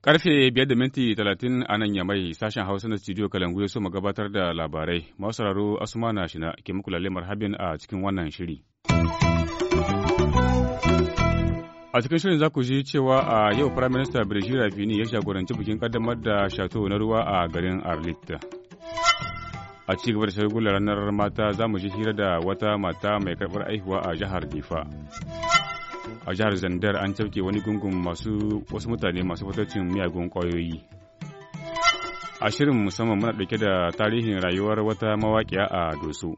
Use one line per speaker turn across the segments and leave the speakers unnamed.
Karfe biyar da minti talatin a nan ya yamai sashen Hausa na studio Kalangu ya so mu gabatar da labarai. Masu sauraro shi na ke muku lalle a cikin wannan shiri. a cikin shirin za ku ji cewa a yau prime minister brigitte rafini ya shagoranci bikin kaddamar da shato na ruwa a garin Arlita. a ci gaba da shagulgular ranar mata za mu ji hira da wata mata mai karɓar aihuwa a jihar difa a jihar zandar an cafke wani gungun masu wasu mutane masu fatacin miyagun kwayoyi a shirin musamman muna ɗauke da tarihin rayuwar wata mawaƙiya a doso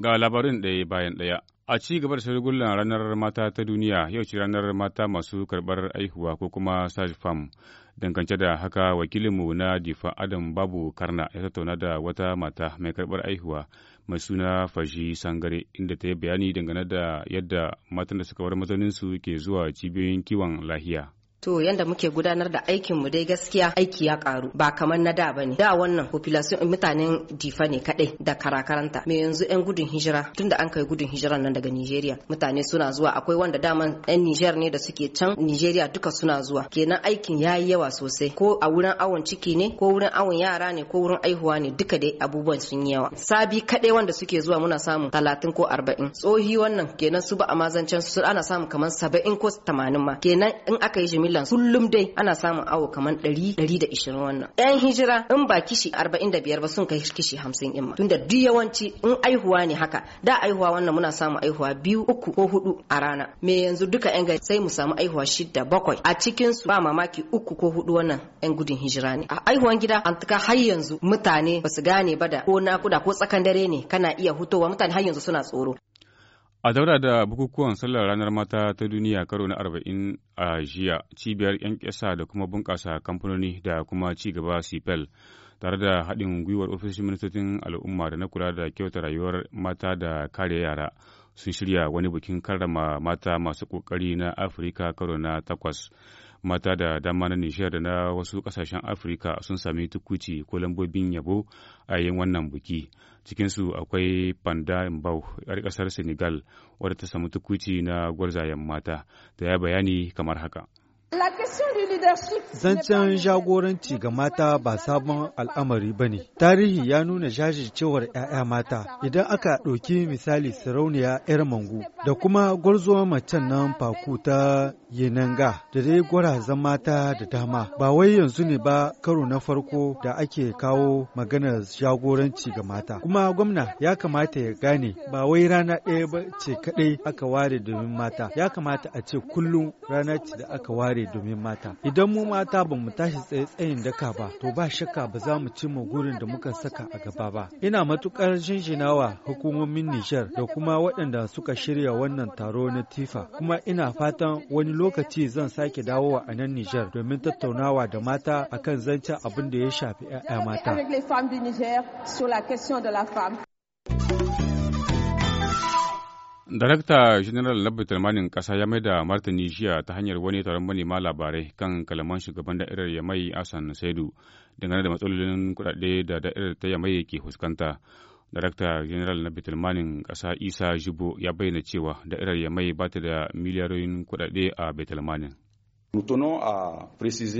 ga labarin ɗaya bayan ɗaya A ci gaba da shirgullan ranar mata ta duniya yau ce ranar mata masu karɓar aihuwa ko kuma fam Dangance da haka wakilinmu na Difa Adam Babu Karna ya tattauna da wata mata mai karɓar aihuwa mai suna Faji Sangare inda ta yi bayani dangane da yadda matan da suka bar mazauninsu ke zuwa cibiyoyin kiwon lahiya.
To yanda muke gudanar da aikin mu dai gaskiya aiki ya karu ba kamar na da bane. Da wannan population mutanen difa ne kadai da karakaranta. Me yanzu yan gudun hijira tunda an kai gudun hijira nan daga Nigeria mutane suna zuwa akwai wanda dama yan Niger ne da suke can Nigeria duka suna zuwa. Kenan aikin yayi yawa sosai ko a wurin awon ciki ne ko wurin awon yara ne ko wurin aihuwa ne duka dai abubuwan sun yi yawa. Sabi kadai wanda suke zuwa muna samun talatin ko arba'in. Tsohi wannan kenan su ba a mazancen su ana samun kamar saba'in ko tamanin ma. Kenan in aka yi jimillan kullum dai ana samun awo kamar ɗari ɗari da ishirin wannan yan hijira in ba kishi arba'in da biyar ba sun kai kishi hamsin in ma tunda duk yawanci in aihuwa ne haka da aihuwa wannan muna samun aihuwa biyu uku ko hudu a rana me yanzu duka yan gari sai mu samu aihuwa shida bakwai a cikin su ba mamaki uku ko hudu wannan yan gudun hijira ne a aihuwan gida an tuka har yanzu mutane ba su gane ba da ko nakuda ko tsakan dare ne kana iya hutowa mutane har yanzu suna tsoro
A daura da bukukuwan sallar ranar mata ta duniya karo na arba'in a jiya cibiyar 'yan ƙasa da kuma bunƙasa kamfanoni da kuma ci gaba sipel tare da haɗin gwiwar ofishin ministocin al'umma da na kula da kyauta rayuwar mata da kare yara sun shirya wani bikin karrama mata masu ƙoƙari na Afirka karo na takwas. mata da dama na nishiyar da na wasu kasashen afirka sun sami tukuci ko lambobin yabo a yin wannan buki cikinsu akwai panda mbau yar kasar senegal wadda ta samu tukuci na gwarzayen mata da ya bayani kamar haka
Zancen
jagoranci ga mata ba sabon al'amari ba ne. Tarihi ya nuna jajircewar 'ya'ya mata idan aka ɗauki misali sarauniya 'yar mangu da kuma gwarzuwar macen nan faku ta yenanga da dai gwarazan mata da dama. Ba wai yanzu ne ba karo na farko da ake kawo maganar jagoranci ga mata. Kuma gwamna ya kamata ya gane ba wai rana ɗaya ba ce kaɗai aka ware domin mata. Ya kamata a ce kullum rana ce da aka ware ware domin mata. Idan mu mata ba mu tashi tsaye tsayin daka ba, to ba shakka ba za mu cimma gurin da muka saka a gaba ba. Ina matukar wa hukumomin Nijar da kuma waɗanda suka shirya wannan taro na TIFA, kuma ina fatan wani lokaci zan sake dawowa a nan Nijar domin tattaunawa da mata akan zancen abin da ya shafi 'ya'ya mata.
Darakta General na Talmanin ƙasa ya mai da Martin Nijiya ta hanyar wani taron manema labarai kan kalaman shugaban da'irar Yamai Asan Saidu dangane da matsalolin kuɗaɗe da da'irar ta Yamai ke fuskanta. Darakta General na Betulmanin ƙasa Isa Jibo ya bayyana cewa da'irar Yamai ba ta da miliyaroyin kuɗaɗe a Betulmanin.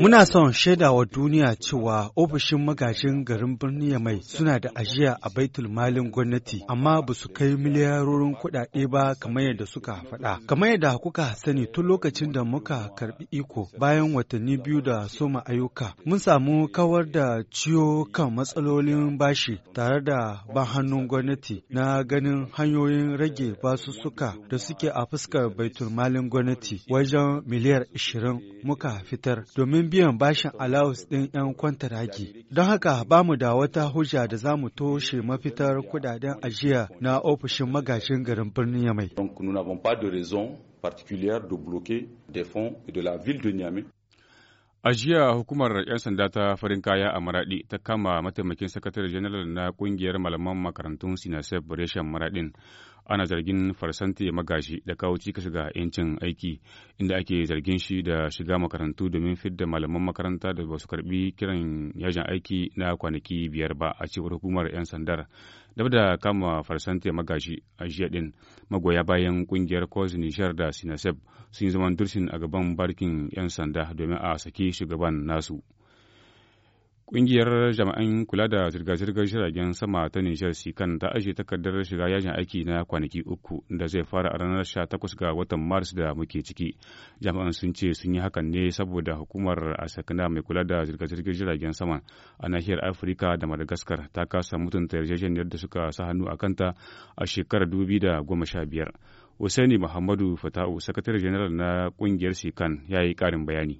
Muna son
shaida wa duniya cewa ofishin magajin garin birni mai suna da ajiya a baitul malin gwamnati amma ba su kai miliyarorin kuɗaɗe ba kamar yadda suka faɗa. Kamar yadda kuka sani tun lokacin da muka karɓi iko bayan watanni biyu da soma ayyuka mun samu kawar da ciwo kan matsalolin bashi tare da ban hannun gwamnati na ganin hanyoyin rage basussuka da suke a fuskar baitul malin gwamnati wajen miliyar ishirin. muka fitar domin biyan bashin alawus ɗin 'yan kwantaragi. Don haka ba mu da wata hujja da za mu toshe mafitar kudaden ajiya na ofishin magajin
garin birnin Yamai. mai. ajiya hukumar 'yan sanda ta farin kaya a Maraɗi ta kama mataimakin sakatare janar na ƙungiyar malaman makarantun Sinasef Reshen Maraɗin. ana zargin farsante magashi da kawo cikas ga 'yancin aiki inda ake zargin shi da shiga makarantu domin fidda malaman makaranta da ba su karbi kiran yajin aiki na kwanaki biyar ba a cewar hukumar 'yan sandar dab da kama farsante magashi a jiya din magoya bayan kungiyar kos nishar da sinasef sun yi zaman dursin a gaban barkin 'yan sanda domin a saki shugaban nasu. Ƙungiyar jama'an kula da zirga-zirgar jiragen sama ta Nijar Sikan ta ajiye takardar shiga yajin aiki na kwanaki uku da zai fara a ranar 18 ga watan Maris da muke ciki. jama'an sun ce sun yi hakan ne saboda hukumar sakana mai kula da zirga-zirgar jiragen sama a nahiyar Afirka da Madagaskar ta kasa mutunta yarjejeniyar da suka sa hannu a kanta a shekarar 2015. Usaini Muhammadu Fata'u, sakatare janar na ƙungiyar Sikan, ya yi ƙarin bayani.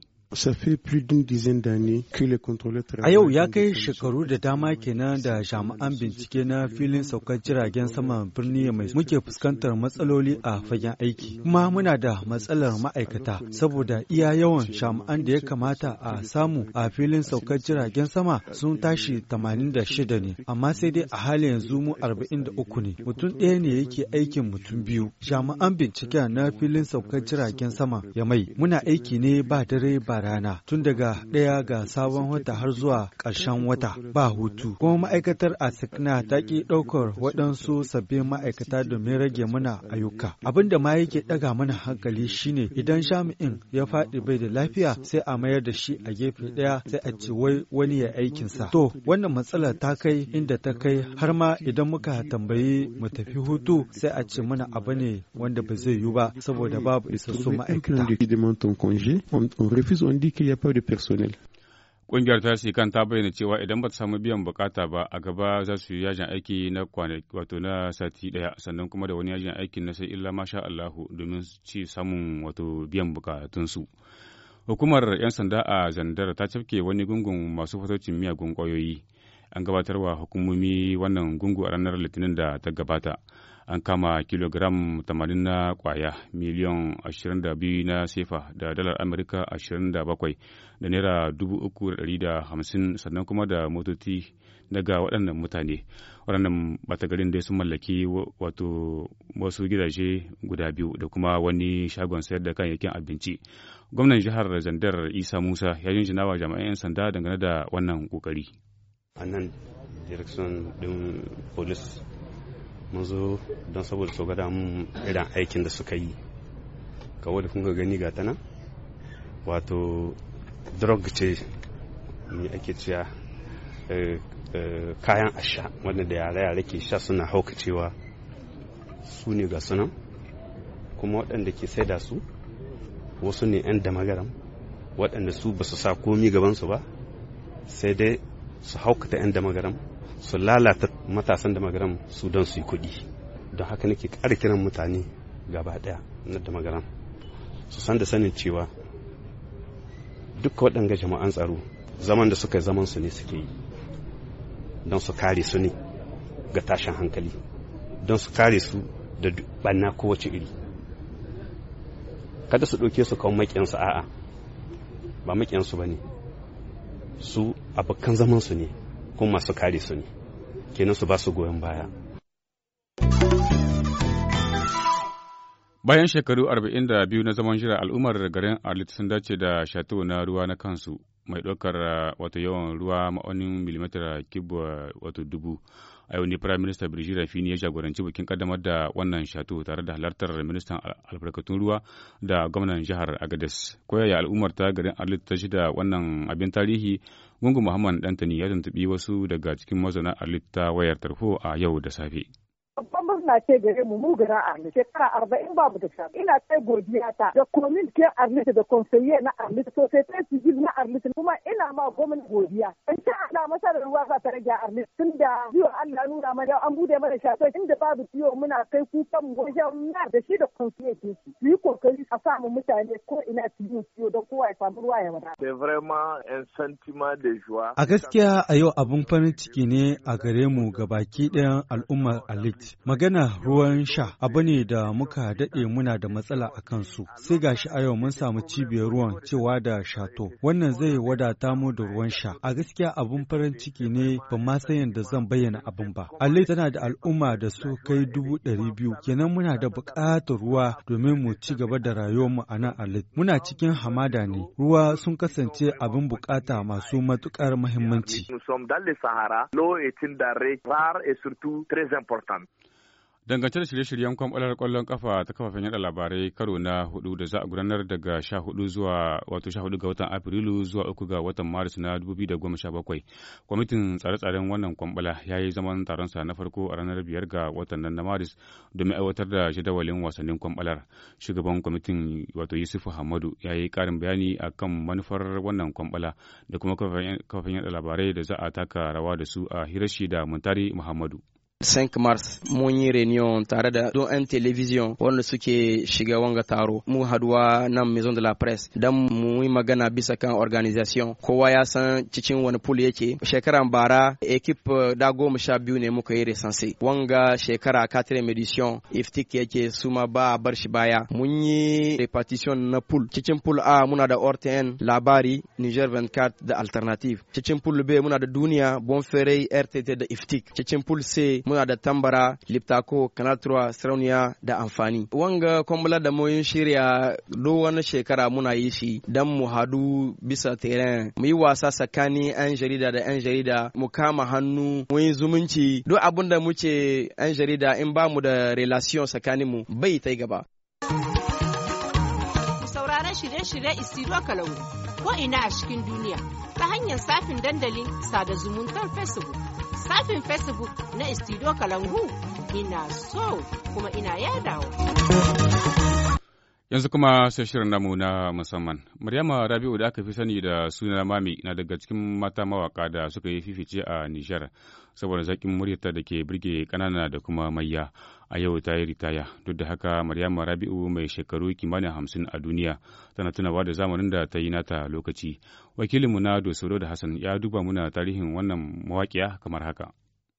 A yau ya kai shekaru da dama kenan da jami'an bincike na filin saukar jiragen sama birni mai muke fuskantar matsaloli a fagen aiki. Kuma muna da matsalar ma'aikata saboda iya yawan jami'an da ya kamata a samu a filin saukar jiragen sama sun tashi 86 ne, amma sai dai a halin yanzu mu 43 ne. Mutum ɗaya ne yake aikin mutum biyu. Jami'an bincike na filin saukar jiragen sama ya mai muna aiki ne ba dare ba rana tun daga ɗaya ga sabon wata har zuwa ƙarshen wata ba hutu. Kuma ma'aikatar Asikna ta ƙi ɗaukar waɗansu sabbin ma'aikata domin rage mana ayyuka. Abin da ma yake ɗaga mana hankali shine idan jami'in ya faɗi bai da lafiya sai a mayar da shi a gefe ɗaya sai a ce wai wani ya aikinsa. To wannan matsalar ta kai inda ta kai har ma idan muka tambayi mu tafi hutu sai a ce mana abu ne
wanda ba zai yiwu ba saboda babu isassun ma'aikata. on dit qu'il n'y a personnel. Ƙungiyar ta kan ta bayyana cewa idan ba ta samu biyan bukata ba a gaba za su yi yajin aiki na kwanaki wato na sati ɗaya sannan kuma da wani yajin aiki na sai illa masha Allahu domin ci samun wato biyan bukatunsu. Hukumar 'yan sanda a Zandar ta cafke wani gungun masu fatocin miyagun kwayoyi An gabatarwa hukumomi wannan gungu a ranar Litinin da ta gabata. an kama kilogram 80 na kwaya miliyan 22 na sefa da dalar amurka 27 da naira 350 sannan kuma da motoci daga waɗannan mutane waɗannan batagarin dai sun mallaki wato wasu gidaje guda biyu da kuma wani shagon sayar da kan kayayyakin abinci gwamnan jihar zandar isa musa ya yi wa jami'an 'yan sanda dangane da wannan kokari a nan
direction ɗin police mun zo don saboda su gada mun irin aikin da suka yi kawai da kun gani ga tana wato drug ce mai ake cewa eh, eh, kayan asha wanda da yare-yare ke sha suna haukacewa su ne ga sunan kuma waɗanda ke saida su wasu ne 'yan magaram waɗanda su ba su sa komi gabansu ba sai dai su haukata 'yan magaram su lalata matasan da magaram su don su yi kuɗi don haka nake ƙara kiran mutane gaba ɗaya na da magaram su san da sanin cewa duka waɗanga jama'an tsaro zaman da suka zaman su ne suke yi don su kare su ne ga tashin hankali don su kare su da banna kowace iri kada su ɗauke su kawo maƙiyansu a'a ba maƙiyansu ba ne su abokan su ne kun masu kare su ne kenan su ba su goyon baya
Bayan shekaru arba'in da biyu na zaman jira al'ummar garin Arlit sun dace da shato na ruwa na kansu mai ɗaukar wata yawan ruwa ma'aunin milimetara kibwa wato dubu a yau ne firayim minista birjira fini ya jagoranci bikin kaddamar da wannan shato tare da halartar ministan albarkatun ruwa da gwamnan jihar agadez koyaya al'ummar ta garin arlit ta shida wannan abin tarihi gungun muhammad dantani ya tuntubi wasu daga cikin mazauna arlit ta wayar tarho a yau da safe
na ce gare mu mu gara Arlit shekara arba'in babu da shafi ina kai godiya ta da komin ke Arlit da konseye na sai ta civil na Arlit kuma ina ma gomin godiya in sha masa da ruwa za ta rage Arlit tun da biyo Allah nuna mana an bude mana shafi inda babu biyo muna kai kukan mu wajen na da shi da konseye ke su yi kokari a samu mutane ko ina su yi ciwo don kowa ya samu ruwa ya
wada.
C'est vraiment un sentiment de joie. A gaskiya
a yau abun farin ciki ne a gare mu baki ɗayan al'ummar alit Magana Magana ruwan sha abu ne da muka daɗe muna da matsala a kansu. Sai gashi a yau mun samu cibiyar ruwan cewa da shato. Wannan zai wadata mu da ruwan sha. A gaskiya abun farin ciki ne ba ma san yadda zan bayyana abin ba. Ale tana da al'umma da su kai dubu ɗari biyu. Kenan muna da buƙatar ruwa domin mu ci gaba da rayuwarmu a nan alai Muna cikin hamada ne. Ruwa sun kasance abin buƙata masu matuƙar muhimmanci.
Dangance da shirye-shiryen kwamɓalar ƙwallon kafa ta kafafen yada labarai karo na hudu da za a gudanar daga sha hudu zuwa wato sha hudu ga watan Afrilu zuwa uku ga watan Maris na dubu biyu da goma sha bakwai. Kwamitin tsare-tsaren wannan kwamɓala ya yi zaman taronsa na farko a ranar biyar ga watan nan na Maris domin aiwatar da jadawalin wasannin kwamɓalar. Shugaban kwamitin wato Yusufu Hamadu ya yi karin bayani a kan manufar wannan kwamɓala da kuma kafafen yada labarai da za a taka rawa da su a hirashi da Muntari Muhammadu. 5 mars mun yi reunion tare da don yan television wanda
suke shiga wanga taro mu haduwa nan maison de la presse dan mu yi magana bisa kan organisation kowa ya san cikin wani pool yake shekara bara equipe euh, da goma sha biyu ne muka yi recense wanga shekara katrin edition iftik yake suma ba a bar shi baya mun yi repartition na pool cikin pool a muna da ortn labari niger 24 da alternative cikin pool b muna da duniya bonferrey rtt da iftik cikin pool c muna da tambara liptako kanatura sarauniya da amfani wanga kwambala da mun shirya do shekara muna yi shi dan mu hadu bisa teren mu yi wasa tsakanin yan jarida da yan jarida mu kama hannu mu yi zumunci duk abin da muke yan jarida in ba mu da relation tsakanin mu bai ta
gaba sauraron shirye-shirye a kalau ko ina a cikin duniya ta hanyar safin dandalin sada zumuntar facebook shafin facebook na istido kalangu ina so kuma ina yadawa.
Yanzu kuma sai shirin namu na musamman. Maryama Rabi'u da aka fi sani da suna Mami na daga cikin mata mawaka da suka yi fifice a Nijar saboda zaƙin muryarta da ke birge ƙanana da kuma mayya a yau ta yi ritaya. Duk da haka Maryama Rabi'u mai shekaru kimanin hamsin a duniya tana tunawa da zamanin da ta yi nata lokaci. Wakilinmu na Dosoro da Hassan ya duba muna tarihin wannan mawaƙiya kamar haka.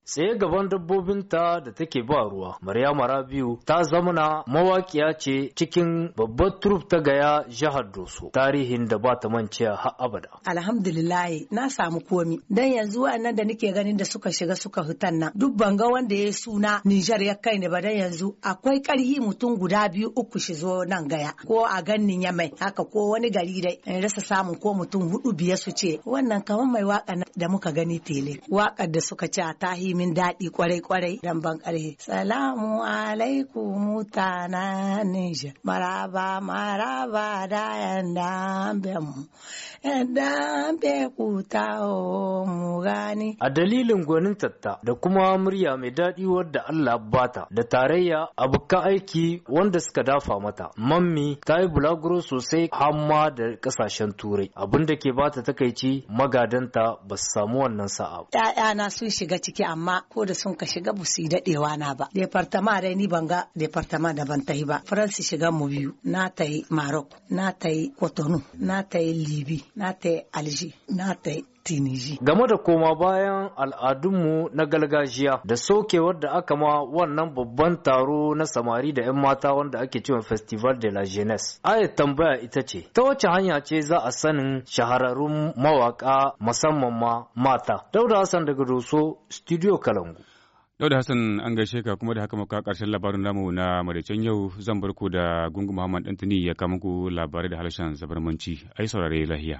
Sai gaban dabbobinta da take ba ruwa maryama rabiu ta zamana mawaƙiya ce cikin babbar turuf ta gaya jihar doso tarihin da ba ta mance har
abada alhamdulillah na samu komi dan yanzu wa'annan da nake ganin da suka shiga suka fitan nan duk banga wanda ya suna nijar ya kai ne ba dan yanzu akwai karhi mutum guda biyu uku shi zo nan gaya ko a gannin yamai haka ko wani gari dai An rasa samun ko mutum hudu biyar su ce wannan kamar mai waka da muka gani tele Waƙar da suka ce a tahi min daɗi kwarai-kwarai dan ban ƙarhe. Salamu alaikum mutanen Nijar. Maraba maraba da yan dambe mu. Yan dambe ku mu gani.
A dalilin gwanin tatta da kuma murya mai daɗi wadda Allah bata da tarayya abokan aiki wanda suka dafa mata. Mammi ta yi bulaguro sosai hamma da ƙasashen turai abinda ke bata takaici magadanta ba su samu wannan sa'a.
‘Ya'yana sun shiga ciki amma amma ko da sun ka shiga ba su yi daɗewa na ba. Departama dai ni ban ga departama da ban tayi ba. Faransi shiga mu biyu na tayi Maroc na yi Cotonou na yi Libi na yi Alger na yi tiniji
game da koma bayan al'adunmu na gargajiya da sokewar da aka ma wannan babban taro na samari da 'yan mata wanda ake cewa festival de la jeunesse ayat tambaya ita ce ta wace hanya ce za a sanin shahararrun mawaka musamman ma mata dauda hassan daga doso studio kalangu
Dauda Hassan an gaishe ka kuma da haka maka karshen labarin namu na maraicen yau zan barku da Gungu Muhammad Dantani ya kama ku labarai da harshen zabarmanci. Ai saurare lahiya.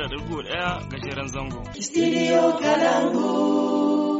da ɗaya
gajeren zango. Studio Kalangu.